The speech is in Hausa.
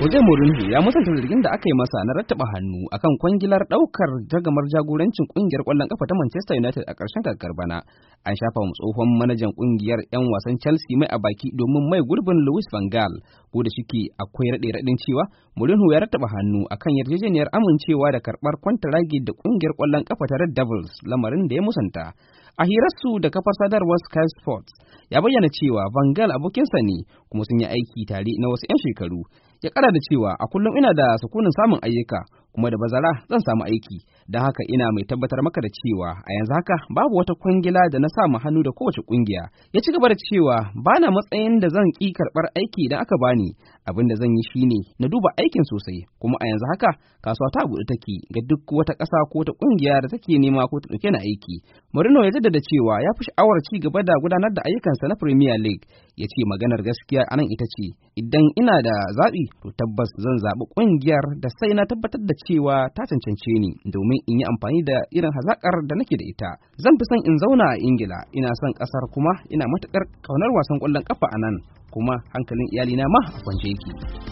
Wajen Mourinho ya musanta zargin da aka yi masa na rattaba hannu akan kwangilar daukar jagamar jagorancin kungiyar kwallon kafa ta Manchester United a ƙarshen kakar bana. An shafa mu tsohon manajan kungiyar 'yan wasan Chelsea mai a baki domin mai gurbin Luis Van Gaal. Ko da shike akwai raɗe raɗin cewa Mourinho ya rattaba hannu akan yarjejeniyar amincewa da karɓar kwantaragi da kungiyar kwallon kafa ta Red Devils lamarin da ya musanta. A hirarsu da kafar sadarwar Sky Sports ya bayyana cewa Van Gaal abokinsa ne kuma sun yi aiki tare na wasu 'yan shekaru. ya kara da cewa a kullum ina da sukunin samun ayyuka kuma da bazara zan samu aiki don haka ina mai tabbatar maka da cewa a yanzu haka babu wata kungila da na samu hannu da kowace kungiya ya ci gaba da cewa ba na matsayin da zan ki karɓar aiki idan aka bani abin da zan yi shine na duba aikin sosai kuma a yanzu haka kasuwa ta buɗe take ga duk wata ƙasa ko ta kungiya da take nema ko ta ɗauke na aiki Marino ya jaddada cewa ya fi sha'awar ci gaba da gudanar da ayyukansa na Premier League ya ce maganar gaskiya anan ita ce idan ina da zaɓi to tabbas zan zaɓi ƙungiyar da sai na tabbatar da cewa ta cancance ni domin in yi amfani da irin hazaƙar da nake da ita zan fi son in zauna a ingila ina son ƙasar kuma ina matuƙar ƙaunar wasan ƙwallon ƙafa a nan kuma hankalin iyalina ma a kwance yake.